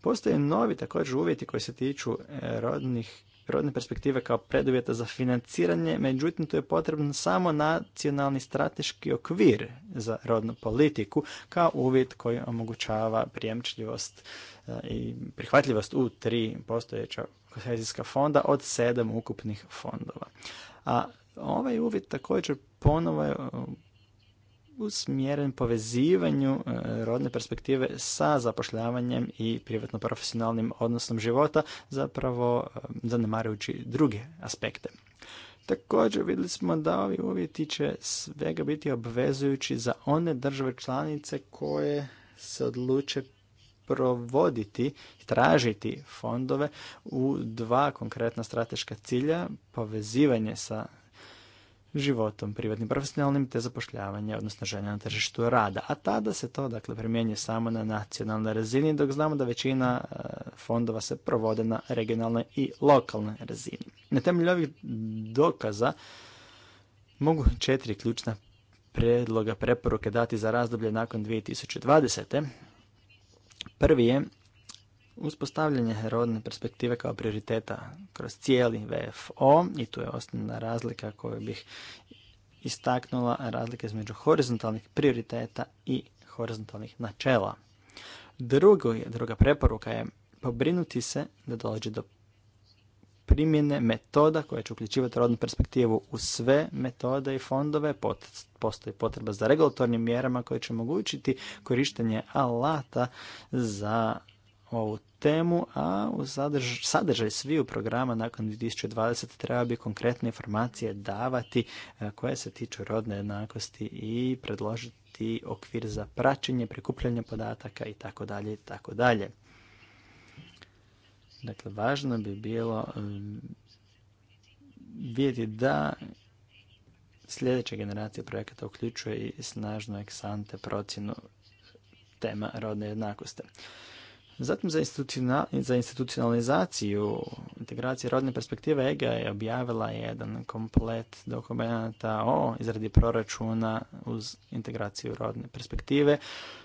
Postoje novi također uvjeti koji se tiču e, rodnih rodne perspektive kao preduvjeta za financiranje, međutim tu je potrebno samo nacionalni strateški okvir za rodnu politiku kao uvjet koji omogućava prijemčljivost e, i prihvatljivost u tri postojeća kohezijska fonda od sedam ukupnih fondova. A ovaj uvid također ponovo je usmjeren povezivanju e, rodne perspektive sa zapošljavanjem i privatno-profesionalnim odnosom života, zapravo e, zanemarujući druge aspekte. Također vidjeli smo da ovi uvjeti će svega biti obvezujući za one države članice koje se odluče provoditi, i tražiti fondove u dva konkretna strateška cilja, povezivanje sa životom privatnim profesionalnim te zapošljavanje, odnosno žene na tržištu rada. A tada se to dakle, primjenjuje samo na nacionalnoj razini, dok znamo da većina e, fondova se provode na regionalnoj i lokalnoj razini. Na temelju ovih dokaza mogu četiri ključna predloga preporuke dati za razdoblje nakon 2020. Prvi je Uspostavljanje rodne perspektive kao prioriteta kroz cijeli VFO i tu je osnovna razlika koju bih istaknula, razlika između horizontalnih prioriteta i horizontalnih načela. Drugo, druga preporuka je pobrinuti se da dođe do primjene metoda koja će uključivati rodnu perspektivu u sve metode i fondove. Postoji potreba za regulatornim mjerama koje će omogućiti korištenje alata za ovu temu, a u sadržaj sadržaj u programa nakon 2020 treba bi konkretne informacije davati e, koje se tiču rodne jednakosti i predložiti okvir za praćenje, prikupljanje podataka i tako dalje i tako dalje. Dakle, važno bi bilo mm, vidjeti da sljedeća generacija projekata uključuje i snažnu eksante procjenu tema rodne jednakosti. Zatim za, za institucionalizaciju integracije rodne perspektive EGA je objavila jedan komplet dokumenta o izradi proračuna uz integraciju rodne perspektive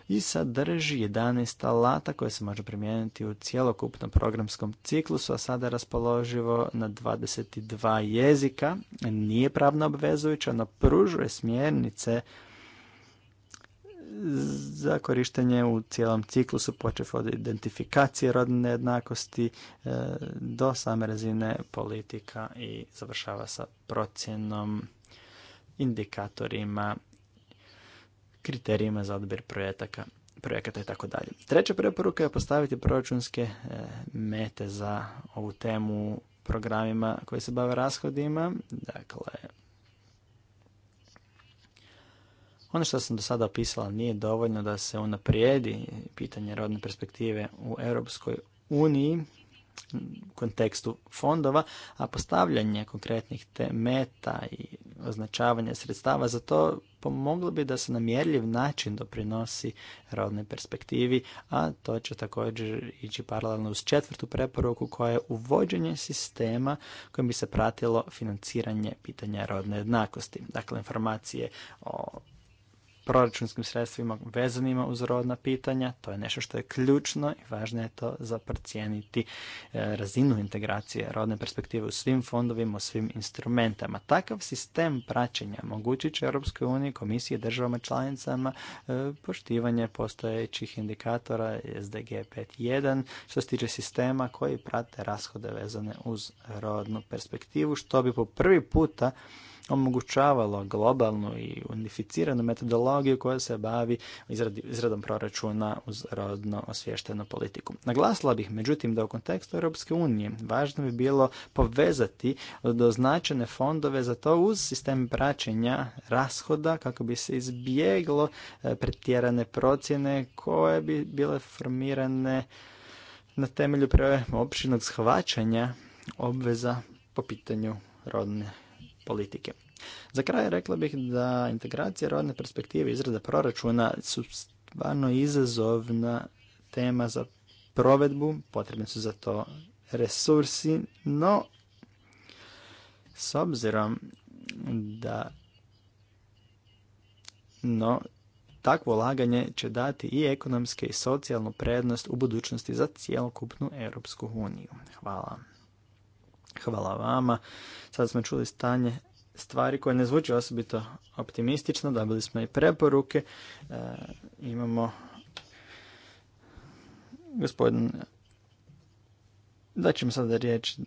i sadrži 11 alata koje se može primijeniti u cjelokupnom programskom ciklusu, a sada je raspoloživo na 22 jezika. Nije pravno obvezujuća, no pružuje smjernice za korištenje u cijelom ciklusu, počev od identifikacije rodne nejednakosti e, do same razine politika i završava sa procjenom, indikatorima, kriterijima za odbir projekata projekata i tako dalje. Treća preporuka je postaviti proračunske e, mete za ovu temu programima koji se bave rashodima, dakle Ono što sam do sada opisala nije dovoljno da se unaprijedi pitanje rodne perspektive u Europskoj uniji u kontekstu fondova, a postavljanje konkretnih temeta i označavanje sredstava za to pomoglo bi da se na mjerljiv način doprinosi rodnoj perspektivi, a to će također ići paralelno uz četvrtu preporuku koja je uvođenje sistema kojim bi se pratilo financiranje pitanja rodne jednakosti. Dakle, informacije o proračunskim sredstvima vezanima uz rodna pitanja. To je nešto što je ključno i važno je to za procijeniti e, razinu integracije rodne perspektive u svim fondovima, u svim instrumentama. Takav sistem praćenja mogući će Europskoj uniji, komisiji, državama članicama e, poštivanje postojećih indikatora SDG 5.1 što se tiče sistema koji prate rashode vezane uz rodnu perspektivu, što bi po prvi puta omogućavalo globalnu i unificiranu metodologiju koja se bavi izradom proračuna uz rodno osvještenu politiku. Naglasila bih, međutim, da u kontekstu Europske unije važno bi bilo povezati doznačene fondove za to uz sistem praćenja rashoda kako bi se izbjeglo e, pretjerane procjene koje bi bile formirane na temelju preopšinog shvaćanja obveza po pitanju rodne politike. Za kraj rekla bih da integracija rodne perspektive izrada proračuna su stvarno izazovna tema za provedbu, potrebni su za to resursi, no s obzirom da no takvo ulaganje će dati i ekonomske i socijalnu prednost u budućnosti za cjelokupnu Europsku uniju. Hvala. Hvala vama. Sad smo čuli stanje stvari koje ne zvuči osobito optimistično. Dobili smo i preporuke. E, imamo gospodin da ćemo sada riječ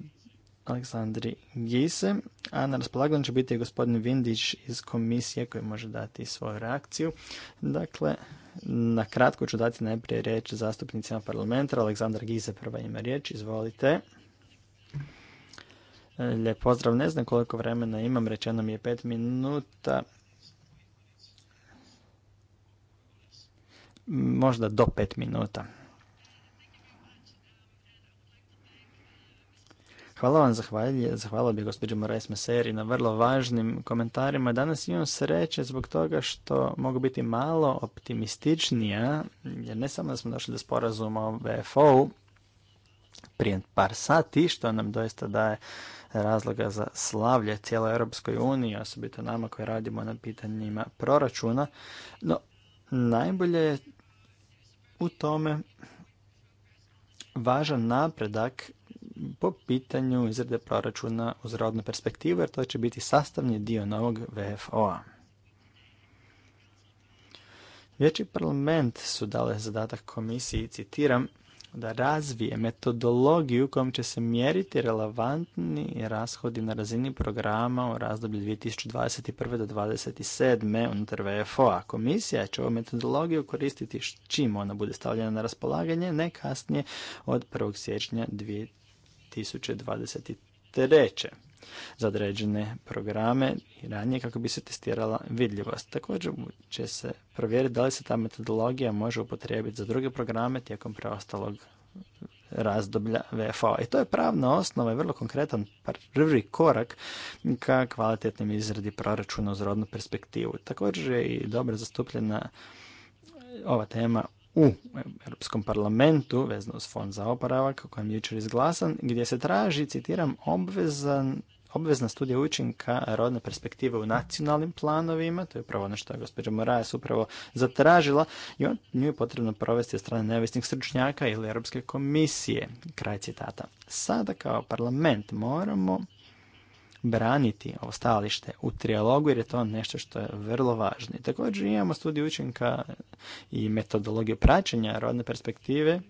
Aleksandri Gise, a na raspolaganju će biti gospodin Vindić iz komisije koji može dati svoju reakciju. Dakle, na kratko ću dati najprije riječ zastupnicima parlamenta. Aleksandar Gise prva ima riječ, izvolite. Lijep pozdrav, ne znam koliko vremena imam, rečeno mi je pet minuta. Možda do pet minuta. Hvala vam, zahvaljujem. Zahvala bi gospođo Moraes Meseri na vrlo važnim komentarima. Danas imam sreće zbog toga što mogu biti malo optimističnija, jer ne samo da smo došli do sporazuma o VFO-u prije par sati, što nam doista daje razloga za slavlje cijeloj Europskoj uniji, osobito nama koji radimo na pitanjima proračuna, no najbolje je u tome važan napredak po pitanju izrade proračuna uz rodnu perspektivu, jer to će biti sastavni dio novog VFO-a. Vječi parlament su dale zadatak komisiji, citiram, da razvije metodologiju kojom će se mjeriti relevantni rashodi na razini programa u razdoblju 2021. do 2027. unutar VFO-a. Komisija će ovu metodologiju koristiti čim ona bude stavljena na raspolaganje, ne kasnije od 1. siječnja 2023 za određene programe i ranije kako bi se testirala vidljivost. Također će se provjeriti da li se ta metodologija može upotrijebiti za druge programe tijekom preostalog razdoblja VFO. I to je pravna osnova i vrlo konkretan prvi korak ka kvalitetnim izradi proračuna uz rodnu perspektivu. Također je i dobro zastupljena ova tema u Europskom parlamentu vezano s fond za oporavak kojem je jučer izglasan gdje se traži, citiram, obvezan obvezna studija učinka rodne perspektive u nacionalnim planovima, to je upravo ono što je gospođa Morajas upravo zatražila, i on, nju je potrebno provesti od strane neovisnih stručnjaka ili Europske komisije, kraj citata. Sada kao parlament moramo braniti ovo stalište u trijalogu jer je to nešto što je vrlo važno. također imamo studiju učinka i metodologiju praćenja rodne perspektive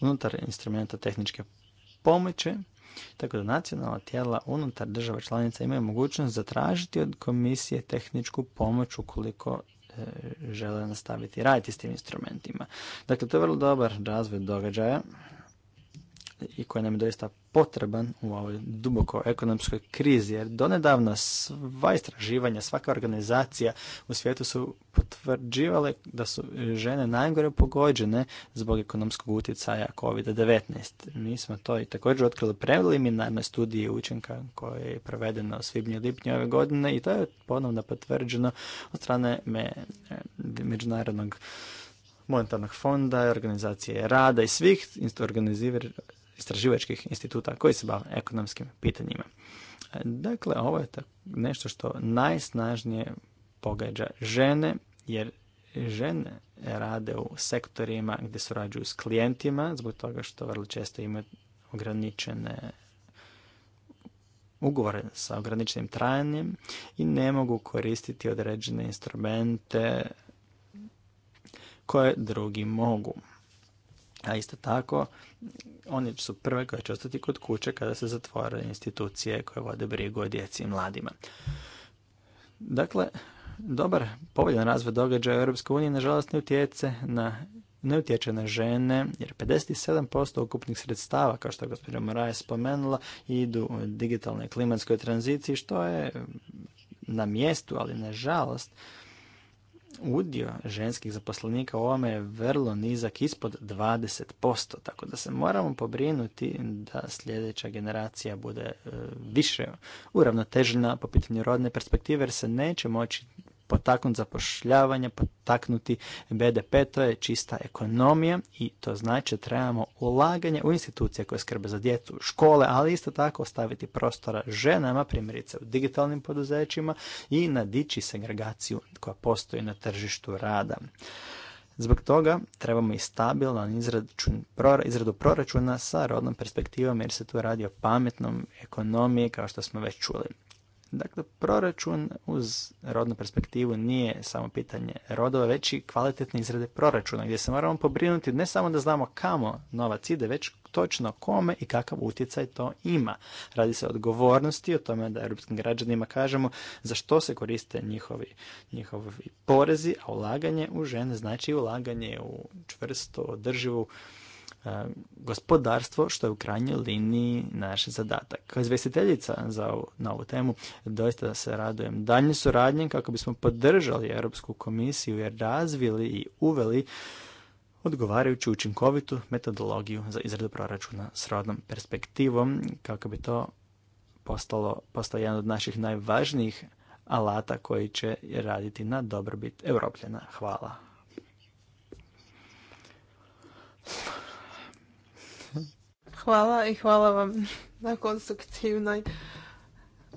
unutar instrumenta tehničke pomoći, tako da nacionalna tijela unutar država članica imaju mogućnost zatražiti od komisije tehničku pomoć ukoliko e, žele nastaviti raditi s tim instrumentima. Dakle, to je vrlo dobar razvoj događaja i koji nam je doista potreban u ovoj duboko ekonomskoj krizi. Jer donedavno sva istraživanja, svaka organizacija u svijetu su potvrđivale da su žene najgore pogođene zbog ekonomskog utjecaja COVID-19. Mi smo to i također otkrili preliminarne studije učinka koje je provedeno u svibnju i lipnju ove godine i to je ponovno potvrđeno od strane me, e, međunarodnog monetarnog fonda, organizacije rada i svih organiziranih istraživačkih instituta koji se bave ekonomskim pitanjima. E, dakle, ovo je nešto što najsnažnije pogađa žene, jer žene rade u sektorima gdje surađuju s klijentima, zbog toga što vrlo često imaju ograničene ugovore sa ograničenim trajanjem i ne mogu koristiti određene instrumente koje drugi mogu. A isto tako, oni su prve koje će ostati kod kuće kada se zatvore institucije koje vode brigu o djeci i mladima. Dakle, dobar povoljan razvoj događaja u EU nažalost ne utječe na ne utječe na žene, jer 57% ukupnih sredstava, kao što je gospođa Moraje spomenula, idu u digitalnoj klimatskoj tranziciji, što je na mjestu, ali nažalost udio ženskih zaposlenika u ovome je vrlo nizak, ispod 20%, tako da se moramo pobrinuti da sljedeća generacija bude e, više uravnotežena po pitanju rodne perspektive, jer se neće moći potaknuti zapošljavanje, potaknuti BDP, to je čista ekonomija i to znači da trebamo ulaganje u institucije koje skrbe za djecu, škole, ali isto tako ostaviti prostora ženama, primjerice u digitalnim poduzećima i nadići segregaciju koja postoji na tržištu rada. Zbog toga trebamo i stabilan izradu proračuna sa rodnom perspektivom jer se tu radi o pametnom ekonomiji kao što smo već čuli. Dakle, proračun uz rodnu perspektivu nije samo pitanje rodova, već i kvalitetne izrade proračuna, gdje se moramo pobrinuti ne samo da znamo kamo novac ide, već točno kome i kakav utjecaj to ima. Radi se o odgovornosti, o tome da europskim građanima kažemo za što se koriste njihovi, njihovi porezi, a ulaganje u žene znači ulaganje u čvrsto, održivu E, gospodarstvo, što je u krajnjoj liniji naš zadatak. Kao izvjestiteljica za ovu, na ovu temu, doista da se radujem daljnjoj suradnje kako bismo podržali Europsku komisiju jer razvili i uveli odgovarajuću učinkovitu metodologiju za izradu proračuna s rodnom perspektivom, kako bi to postalo, jedan od naših najvažnijih alata koji će raditi na dobrobit Europljana. Hvala. Hvala i hvala vam na konstruktivnoj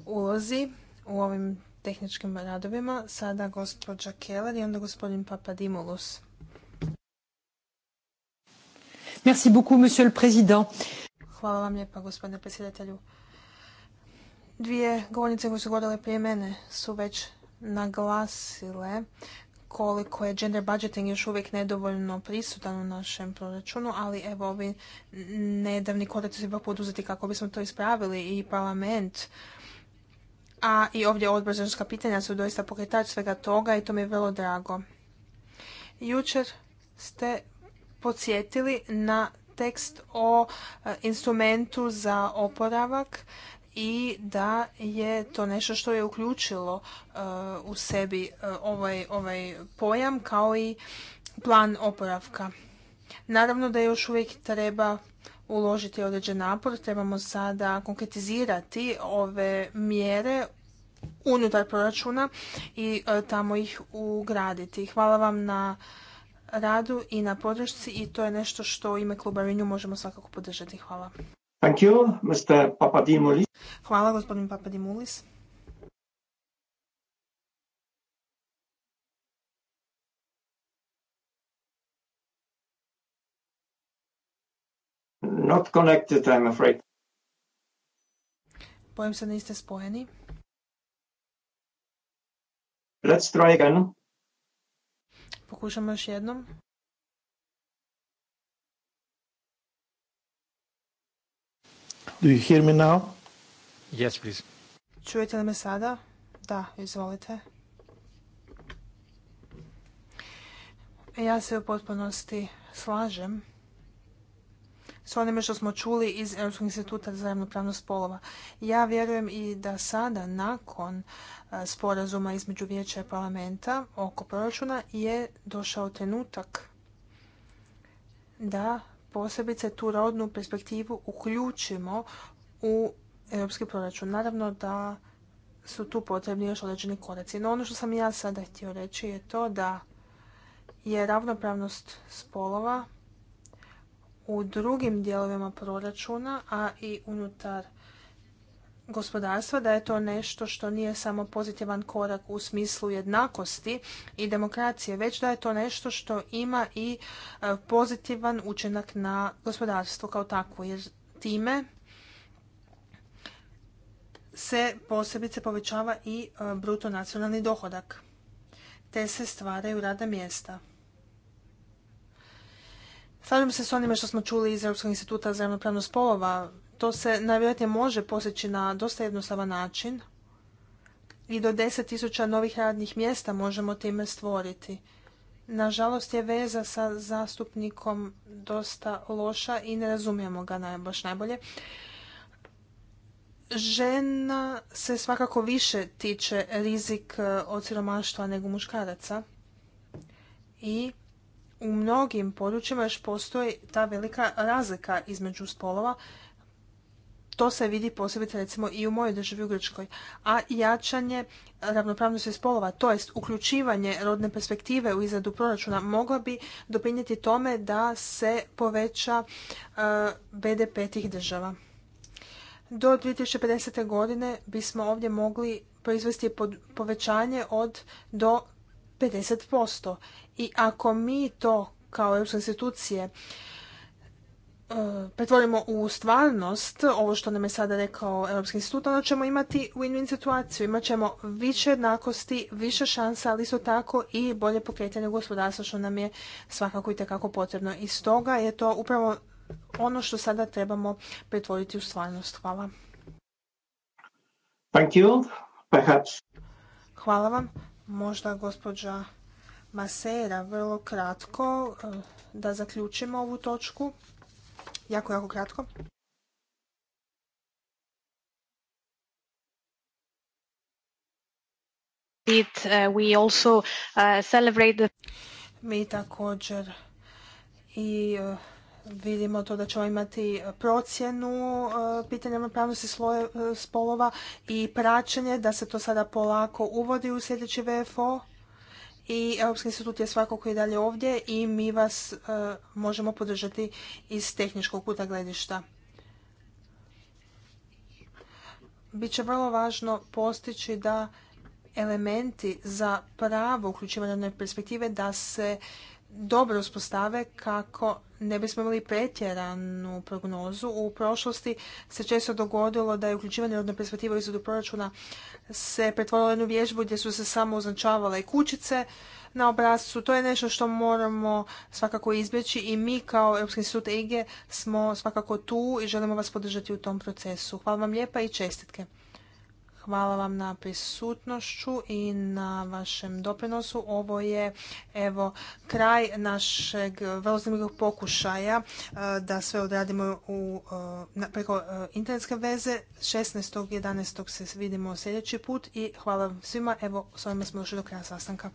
ulozi u ovim tehničkim radovima. Sada gospođa Keller i onda gospodin Papadimoulos. Merci beaucoup, monsieur le président. Hvala vam lijepa, gospodine predsjedatelju. Dvije govornice koje su govorile prije mene su već naglasile koliko je gender budgeting još uvijek nedovoljno prisutan u našem proračunu, ali evo ovi nedavni koraci ipak poduzeti kako bismo to ispravili i parlament a i ovdje odbor za pitanja su doista pokretač svega toga i to mi je vrlo drago. Jučer ste podsjetili na tekst o e, instrumentu za oporavak i da je to nešto što je uključilo e, u sebi e, ovaj, ovaj pojam kao i plan oporavka. Naravno da još uvijek treba uložiti određen napor, trebamo sada konkretizirati ove mjere unutar proračuna i e, tamo ih ugraditi. Hvala vam na radu i na podršci i to je nešto što u ime kluba Renew možemo svakako podržati. Hvala. Thank you, Mr. Papadimoulis. Hvala, gospodin Papadimoulis. Not connected, I'm afraid. Bojim se da niste spojeni. Let's try again. Pokušamo još jednom. Do you hear me now? Yes, please. Čujete li me sada? Da, izvolite. Ja se u potpunosti slažem s onime što smo čuli iz Europskog instituta za ravnopravnost spolova. Ja vjerujem i da sada nakon e, sporazuma između vijeća i parlamenta oko proračuna je došao trenutak da posebice tu rodnu perspektivu uključimo u europski proračun. Naravno da su tu potrebni još određeni koraci. No ono što sam ja sada htio reći je to da je ravnopravnost spolova u drugim dijelovima proračuna, a i unutar gospodarstva, da je to nešto što nije samo pozitivan korak u smislu jednakosti i demokracije, već da je to nešto što ima i e, pozitivan učinak na gospodarstvo kao takvo, jer time se posebice povećava i e, bruto nacionalni dohodak, te se stvaraju rada mjesta. Slažem se s onime što smo čuli iz Europskog instituta za ravnopravnost spolova to se najvjerojatnije može posjeći na dosta jednostavan način i do 10.000 novih radnih mjesta možemo time stvoriti. Nažalost je veza sa zastupnikom dosta loša i ne razumijemo ga baš najbolje. Žena se svakako više tiče rizik e, od siromaštva nego muškaraca i u mnogim područjima još postoji ta velika razlika između spolova to se vidi posebice recimo i u mojoj državi u Grčkoj. A jačanje ravnopravnosti spolova, to jest uključivanje rodne perspektive u izradu proračuna, mogla bi doprinijeti tome da se poveća e, BDP tih država. Do 2050. godine bismo ovdje mogli proizvesti povećanje od do 50%. I ako mi to kao europske institucije E, pretvorimo u stvarnost ovo što nam je sada rekao Europski institut, onda ćemo imati win-win situaciju. Imat ćemo više jednakosti, više šansa, ali isto tako i bolje pokretanje gospodarstva što nam je svakako i tekako potrebno. I stoga je to upravo ono što sada trebamo pretvoriti u stvarnost. Hvala. Hvala vam. Možda gospođa Masera, vrlo kratko e, da zaključimo ovu točku. Jako, jako kratko. Uh, uh, Mi također i uh, vidimo to da ćemo imati procjenu pitanja ravnopravnosti spolova i praćenje da se to sada polako uvodi u sljedeći VFO i Europski institut je svakako i dalje ovdje i mi vas e, možemo podržati iz tehničkog kuta gledišta. Biće vrlo važno postići da elementi za pravo uključivanje perspektive da se dobro uspostave kako ne bismo imali pretjeranu prognozu. U prošlosti se često dogodilo da je uključivanje rodne perspektive u izradu proračuna se pretvorilo u jednu vježbu gdje su se samo označavale kućice na obrazcu. To je nešto što moramo svakako izbjeći i mi kao Europski institut EG e smo svakako tu i želimo vas podržati u tom procesu. Hvala vam lijepa i čestitke. Hvala vam na prisutnošću i na vašem doprinosu. Ovo je evo kraj našeg vrlo zanimljivog pokušaja e, da sve odradimo u, e, preko e, internetske veze. 16. 11. se vidimo sljedeći put i hvala svima. Evo, s ovima smo došli do kraja sastanka.